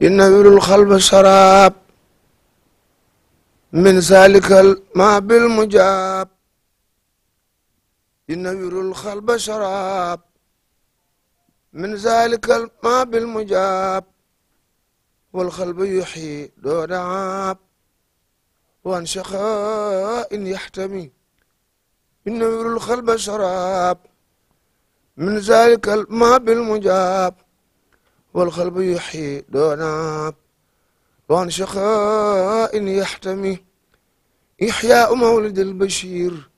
يناول القلب الشراب من ذلك الماء بالمجاب يناول القلب الشراب من ذلك الماء بالمجاب والقلب يحيي دون عاب وعن شقاء يحتمي يناول القلب الشراب من ذلك الماء بالمجاب والقلب يحيي دوناب وعن شقاء يحتمي إحياء مولد البشير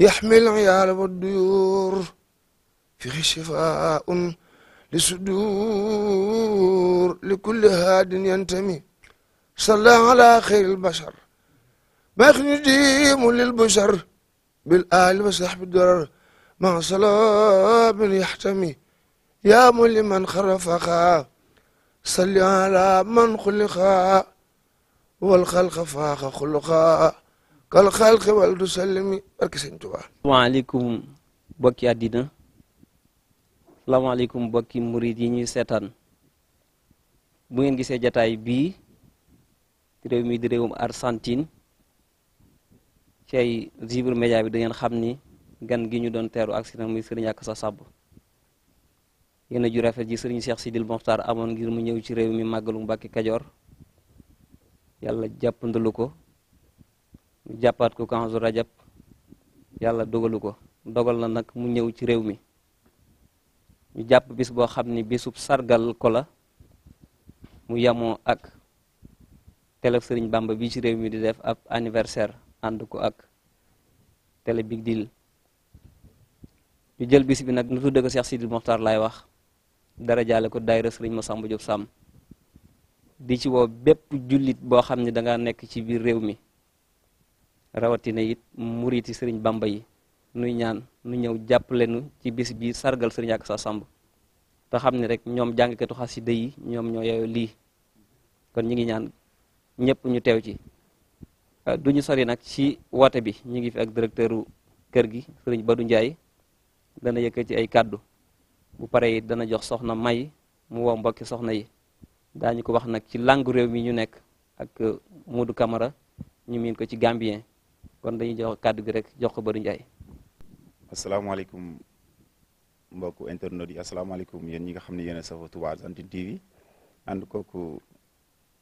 يحمي العيال والديور فيه شفاء لصدور لكل هاد ينتمي صلى على خير البشر مخن ديم للبشر بالآل وصحب الدرر مع صلاة يحتمي يا ملمن خرفخا صل على من خلقا والخلق فاق خلقا kalxalxi wal du sallimi barke sëñ Tuubaa salaamaaleykum bokki àddina salaamaaleykum bokki murit yi ñuy seetaan bu ngeen gisee jataay bii di réew mi di réewum Argentine ci ay Zibur Média bi da ngeen xam ni gan gi ñu doon teeru ak si na muy sëriñ ak sa sàbb yéen ju rafet ji sëriñ Cheikh Sidil Mokhtar amoon ngir mu ñëw ci réew mi màggalu Mbàkke Kajoor yàlla jàppandalu ko mu jàppaat ko kanzu rajab yàlla dogalu ko dogal na nag mu ñëw ci réew mi ñu jàpp bis boo xam ni bisub sargal ko la mu yamoo ak télé sëriñ Bamba bi ci réew mi di def ab anniversaire ànd ko ak tele Big Deal ñu jël bis bi nag nu tudde ko Cheikh Sidil Mokhtar laay wax dara jaale ko daayira sëriñ Masamba Diop Sàmm di ci woo bépp jullit boo xam ne danga nekk ci biir réew mi rawatina it muriti sëriñ Bamba yi nuy ñaan nu ñëw jàpp nu ci bis biir sargal sëriñ ak sa Sàmb te xam ne rek ñoom jàngkatu xasida yi ñoom ñoo yeyoo lii kon ñu ngi ñaan ñëpp ñu teew ci euh, du ñu sori nag ci woote bi ñu ngi fi ak directeur kër gi sëriñ Badou Ndiaye dana yëkkati ci ay kàddu bu pare it dana jox soxna may mu woo mbokki soxna yi daañu ko wax nag ci langue réew mi ñu nekk ak uh, Modou Camara ñu miin ko ci Gambien kon dañuy jox kàddu gi rek jox ko Badou Ndiaye. asalaamaaleykum mbokku internet yi asalaamaaleykum yéen ñi nga xam ne yéen a safoo Touba ànd kooku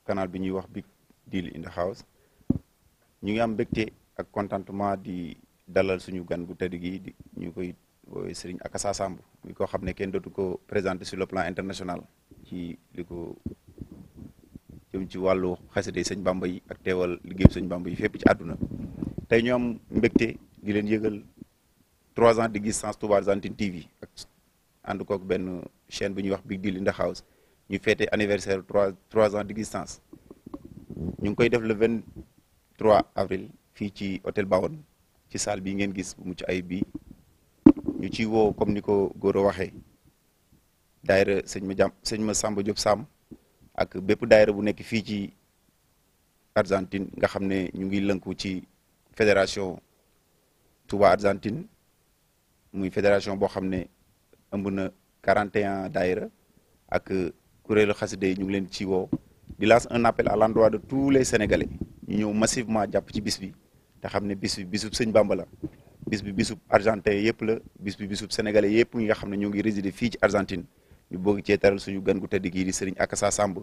canal bi ñuy wax Big Deal ñu ngi am mbégte ak contentement di dalal suñu gan bu tëdd gi di ñu koy. a eh, Akassa Samb mi koo xam ne kenn dootu ko présenté sur le plan international ci li ko ci wàllu xasida sëñ Bamba yi ak teewal liggéey sëñ Bamba yi fépp ci àdduna tey ñoo am mbégte di leen yëgal trois ans d'existence Touba Argentine TV ak ànd kook benn chaîne bu ñuy wax Big Deal in the House ñu fêté anniversaire trois trois ans d'existence ñu ngi koy def le vingt trois avril fii ci hôtel Bawon ci salle bii ngeen gis bu mucc ayib bi ñu ciy woo comme ni ko góor a waxee daayira sëñ ma jàmm sëñ ma Samba Diop Sam ak bépp daayira bu nekk fii ci Argentine nga xam ne ñu ngi lënku ci fédération Touba Argentine muy fédération boo xam ne ëmb na 41 daayira ak kuréelu xaside yi ñu ngi leen ci woo di lance un appel a l'endroit de tous les Sénégalais ñu ñëw massivement jàpp ci bis bi te xam ne bis bi sëñ bambala bis bi bisub argentin yëpp la bis bi bisub sénégalais yëpp ñi nga xam ne ñoo ngi résider fii ci argentine ñu bëgg cee teral suñu gan gu tedd gii di Serigne Akassa Samb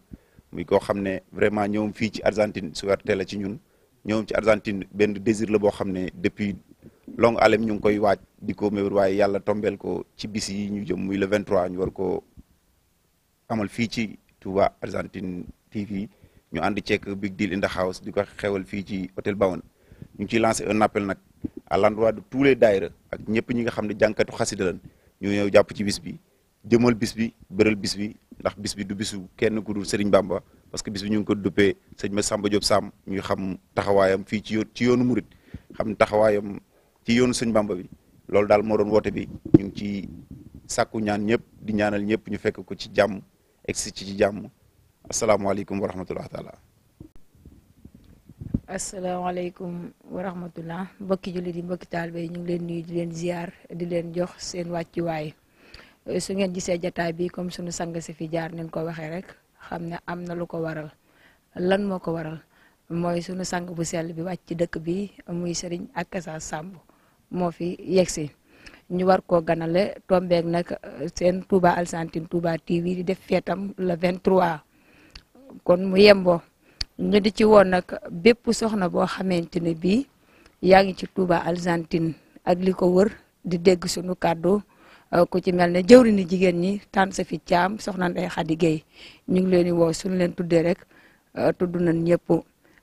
koo xam ne vraiment ñoom fii ci argentine suwerte la ci ñun ñoom ci argentine benn désir la boo xam ne depuis longue haleine ñu ngi koy waaj di ko méwér waaye yàlla tombeel ko ci bisi yi ñu jëm muy le 23 ñu war ko amal fii ci Touba Argentine TV ñu ànd ceek Big Deal in the House di ko xewal fii ci hôtel Bawon ñu ngi lancé un appel nag à l'endroit de tous les daayira ak ñëpp ñi nga xam ne jànkatu xasida lan ñu ñëw jàpp ci bis bi jëmal bis bi bëral bis bi ndax bis bi du bisu kenn ku dul Serigne Bamba parce que bis ñu ngi ko duppee sëñ ma Samba job Sam ñu xam taxawaayam fii ci ci yoonu murit xam taxawaayam ci yoonu sëñ mbamba bi loolu daal moo doon woote bi ñu ngi ci sàkku ñaan ñëpp di ñaanal ñëpp ñu fekk ko ci jàmm egsi ci ci jàmm asalaamaaleykum wa rahmatullah taala asalaamaaleykum wa rahmatullah mbokki jullit yi mbokki taalibe yi ñu ngi leen nuyu di leen ziar di leen jox seen wàccuwaay eh, su ngeen gisee jataay bi comme sunu sang si fi jaar nañ ko waxee rek xam ne am na lu ko waral lan moo ko waral mooy sunu sang bu sel bi wàcc ci dëkk bi muy sëriñ Akassa Samb moo fi yegsi ñu war koo ganale tombeek nag eh, seen Touba Argentine Touba TV di def feetam le 23 kon mu yembo ñu di ci woon nag bépp soxna boo xamante ne bii yaa ngi ci tuuba Argentine ak li ko wër di dégg sunu kàddu euh, ku ci mel ne jëwriñu jigéen ñi tànn sa fi caam soxna Ndeye Khady Gueye ñu ngi leen di woo suñu leen tuddee rek euh, tudd nañ ñëpp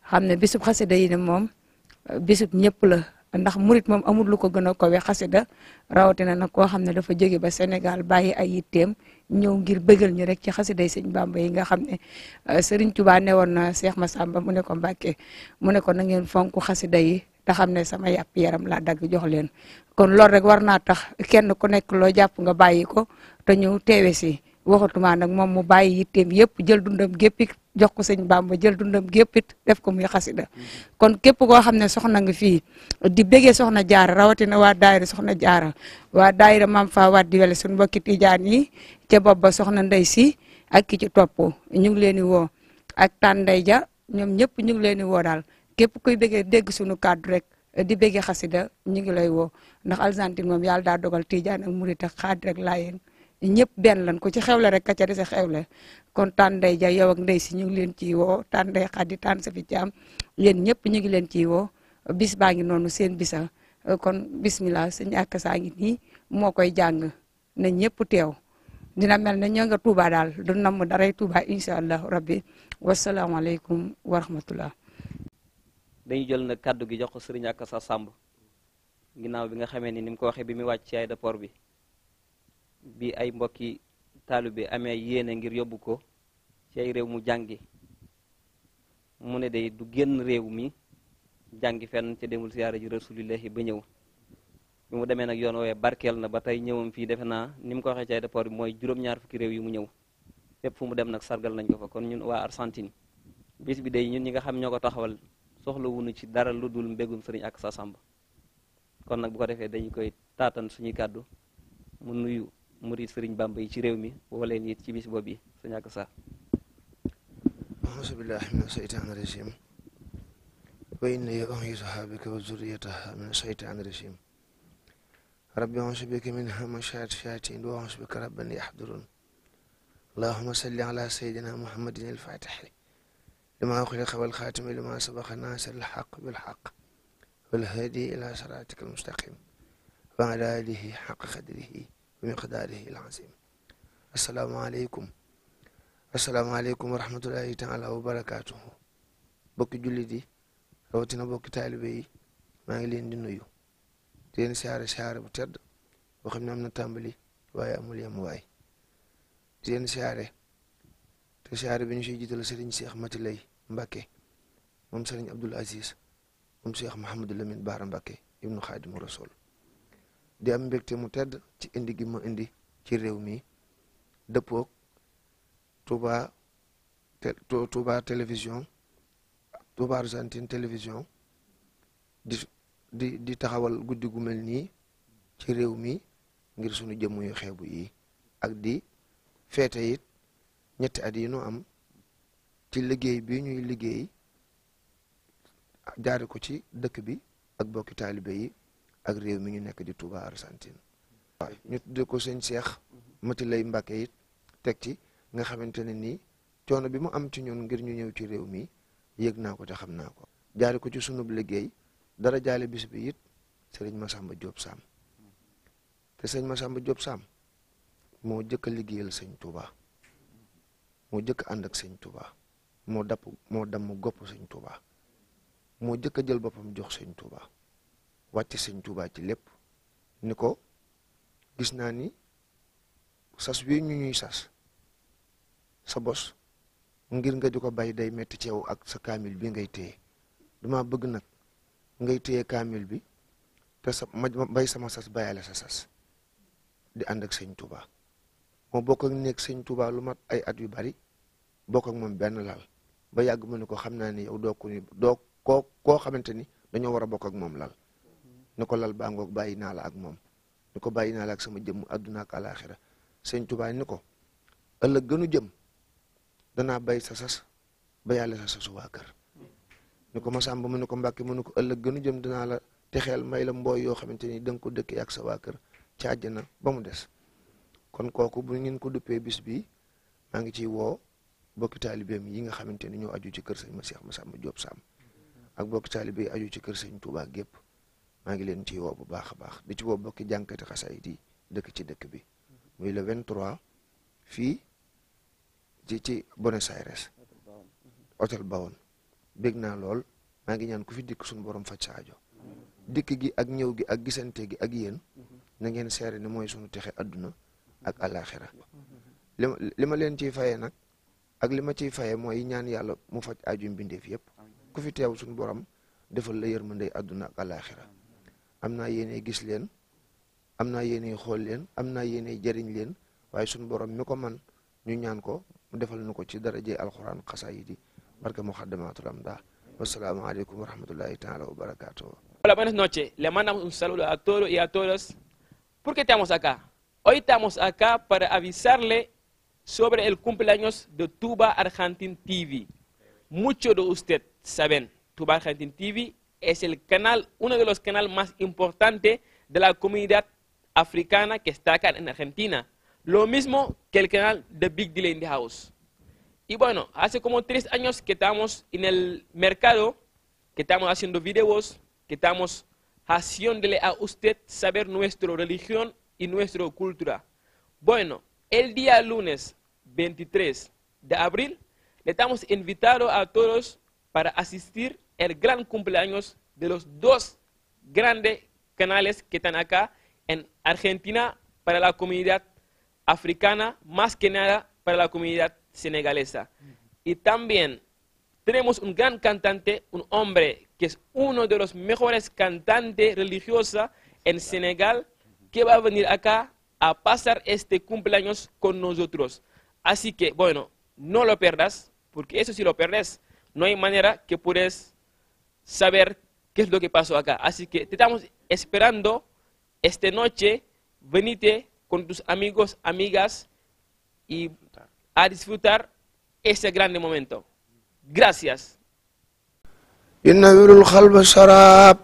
xam ne bisub xasida yi ne moom euh, bisub ñëpp la ndax murit moom amul lu ko gën a kowe xasida rawatina nag koo xam ne dafa jege ba Sénégal bàyyi ay yitteem ñëw ngir bëggal ñu rek ci xasiday sëñ Bamba yi nga xam ne euh, Serigne Touba ne woon na Cheikh Massamba mu ne ko Mbàkke mu ne ko na ngeen fonk xasida yi te xam ne sama yàpp yaram laa dagg jox leen kon loolu rek war naa tax kenn ku nekk loo jàpp nga bàyyi ko te ñëw teewe si waxatuma nag moom mu bàyyi yitteem yëpp jël dundam géppit jox ko sëñ Bàmba jël dundam géppit def ko muy xasida mm-hmm. kon képp koo xam ne soxna nga fii di béggee soxna jaara rawatina waa daayira soxna jaara waa daayira maam fa waat wele suñu mbokki tijaan yi ca bopp ba soxna ndey si ak ki ci topp ñu ngi leen di woo ak tànday ja ñoom ñëpp ñu ngi leen di woo daal képp kuy béggee dégg suñu kàddu rek di béggee xasida ñu ngi lay woo ndax Argentine moom yàlla daa dogal tijaan ak murit ak xaadir ak laayeen ñëpp benn lan ko ci xewle rek ka ca dese xewle kon tànn ja yow ak ndey si ñu ngi leen ciy woo tànn ndey xaddi tàn sa fi caam yéen ñëpp ñu ngi leen ci woo bis baa ngi noonu seen bisa kon bismillah sëñ ak saa ngi nii moo koy jàng na ñëpp teew dina mel ne ñoo nga Touba daal du namm daray tubaa incha allah rabbi wasalaamaaleykum wa rahmatullah dañu jël na kàddu gi jox ko sëriñ ak sa sàmb ginnaaw bi nga xamee ni ni mu ko waxee bi mu wàcc ci aéroport bi bi ay mbokki bi amee yéene ngir yóbbu ko ci ay réew mu jàngi mu ne day du génn réew mi jàngi fenn ca demul siyaara ji rasulillahi ba ñëw bi mu demee nag yoon woowee barkeel na ba tey ñëwam fii defe naa ni mu ko waxee ci aéroport bi mooy juróom-ñaar fukki réew yi mu ñëw fépp fu mu dem nag sargal nañ ko fa kon ñun waa Argentine bis bi day ñun ñi nga xam ñoo ko taxawal soxla wuñu ci dara lu dul mbégum sëriñ ak sa sàmb kon nag bu ko defee dañu koy taatan suñuy kàddu murid sëriñ bàmba yi ci réew mi woo leen it ci bis boobu yi sa ñàkk saa auzu billahi mina sheytaani rajim wa inni u'iizuhaa bika wa zurriyatahaa mina sheytaani rajim rabbi auzu bika min hamazaati shayaatiin wa auzu bika rabbani yahduruun allahumma salli ala sayyidina muhammadin al-faatihi limaa xuliqa wal xaatimi limaa sabaqa naasiril haqqi bil haqqi wal haadii ilaa siraatika al-mustaqiim wa alaa aalihi haqqa qadrihi miqdaarihi al-aziim asalaamaaleykum asalaamaaleykum wa rahmatullahi taala wa barakaatuhu bokki jullit yi rawatina bokki taalibe yi maa ngi leen di nuyu di leen siyaare siyaare bu tedd boo xam ne am na tàmbali waaye amul yem waay di leen siyaare te siyaare bi ñu siy jiital sëriñ Cheikh Mati Lay Mbacke moom sëriñ Abdul Aziz moom Cheikh Mouhamadou Lamine Baara Mbacke ibnu Xaadimu Rasul di am mbégte mu tedd ci indi gi indi ci réew mi dëppoog tuba Touba télévision Touba Argentine télévision di di taxawal guddi gu mel nii ci réew mi ngir sunu jëmm yu xeebu yi ak di feete it ñetti at yi nu am ci liggéey bi ñuy liggéey jaare ko ci dëkk bi ak bokki taalibe yi ak réew mi ñu nekk di Touba Argentine waaw ñu tuddee ko sëñ Cheikh Mati lay Mbàkke it teg ci nga xamante ne nii coono bi mu am ci ñun ngir ñu ñëw ci réew mi yëg naa ko ci xam naa ko jaare ko ci sunub liggéey dara jaale bis bi it sëriñ Masamba Diop Sam te sëñ Masamba Diop Sam moo jëkk a liggéeyal sëñ Touba moo jëkk ànd ak sëñ Touba moo dapp moo damm gopp sëñ Touba moo jëkk jël boppam jox sëñ Touba wàcce sëñ Tuubaa ci lépp ni ko gis naa ni sas wi ñu ñuy sas sa bos ngir nga di ko bàyyi day metti ci ak sa kaamil bi ngay téye dama bëgg nag ngay téye kaamil bi te sa ma bay sama sas bàyyale sa sas di ànd ak sëñ Tuubaa moo bokk ak nekk sëñ lu mat ay at yu bari bokk ak moom benn lal ba yàgg mu ne ko xam naa ni yow doo ko ni doo koo xamante ni dañoo war a bokk ak moom laal ni ko lal baa ngoog bàyyi naa la ak moom ni ko bàyyi naa la ak sama jëmm àdduna ak alaaxira sëñ Tuubaa ni ko ëllëg gënu jëm danaa bay sa sas ba yàlla sa sasu waa kër ma ko Masamba mu ne ko Mbàkke mu ne ko ëllëg gënu jëm danaa la te xel may la mbooy yoo xamante ni danga ko dëkkee ak sa waa kër ci àjjana ba mu des kon kooku bu ngeen ko duppee bis bi maa ngi ciy woo bokki taalibeem yi nga xamante ni ñoo aju ci kër sëñ ma Seex ma Jóob Sàmm ak bokki taalibe yi aju ci kër sëñ Tuubaa gépp maa ngi leen ci woo bu baax a baax di ci woo bokki jànkati xasaayit yi dëkk ci dëkk bi muy le 23 fii ci ci Buenos Aires hôtel Bawon bég naa lool maa ngi ñaan ku fi dikk suñu borom faj saajo dikk gi ak ñëw gi ak gisante gi ak yéen na ngeen seere ni mooy suñu texe àdduna ak alaxira li ma leen ciy fayee nag ak li ma ciy fayee mooy ñaan yàlla mu faj aaju mbindeef yépp ku fi teew suñu borom defal la yërmande adduna ak alaxira am naa yéene gis leen am naa yéene xool leen am naa yéene jariñ leen waaye suñu borom mi ko man ñu ñaan ko mu defal nu ko ci daraje alxuraan xasaayidi barke muxaddamatul amda wasalaamu aleykum wa rahmatullahi taala wa barakatuhu hola buenas noches le mandamos un um saludo a e para avisarle sobre el cumpleaños de Touba Argentine TV muchos de ustedes saben Touba Argentine TV es el canal, uno de los canales más importantes de la comunidad africana que está en Argentina. Lo mismo que el canal de Big Deal in House. Y hace como tres años que estamos en el mercado, que estamos haciendo videos, que estamos haciéndole a usted saber nuestra religión y nuestra cultura. el día lunes de abril, le estamos invitando a todos para asistir el gran cumpleaños de los dos grandes canales que están acá en Argentina para la comunidad africana, más que nada para la comunidad senegalesa. Y también tenemos un gran cantante, un hombre que es uno de los mejores cantantes religiosos en Senegal, que va a venir acá a pasar este cumpleaños con nosotros. Así que, no lo perdas, porque eso si lo perdes, no hay manera que puedes saber qué es lo que pasó acá. Así que te estamos esperando esta noche. Venite con tus amigos, amigas y a disfrutar ese grande momento. Gracias. ينور القلب شراب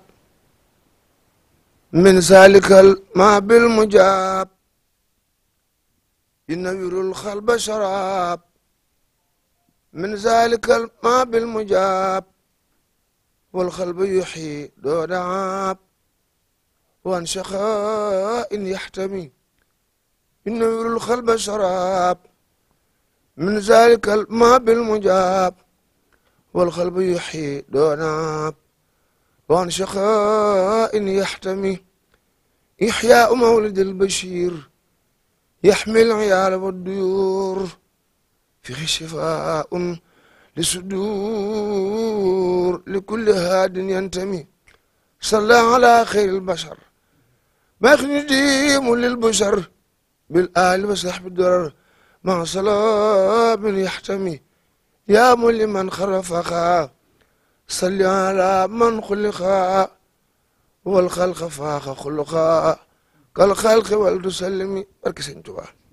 من ذلك الماء بالمجاب ينور wal xalba yuxyi doona ab waan shaqa in yaxtami ينور الخلب شراب من ذلك الماء بالمجاب والخلب يحيي دوناب وعن شقاء يحتمي إحياء مولد البشير يحمي العيال والديور فيه شفاء لصدور لكل هاد ينتمي صلى على خير البشر مخن ديم للبشر بالآل وصحب الدرر مع صلاة يحتمي يا مل من خرفخا صل على من خلقا والخلق فاق خلقا كالخلق والتسلمي بركة سنتوا